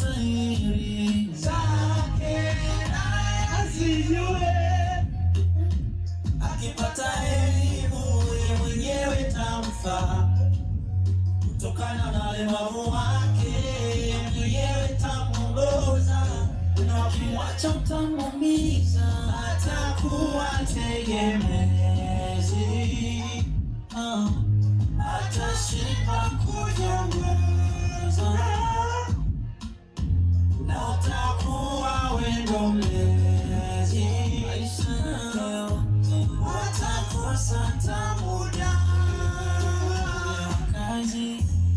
siri zake azijue, akipata elimu ye mwenyewe tamfa, kutokana na atakuwa tegemezi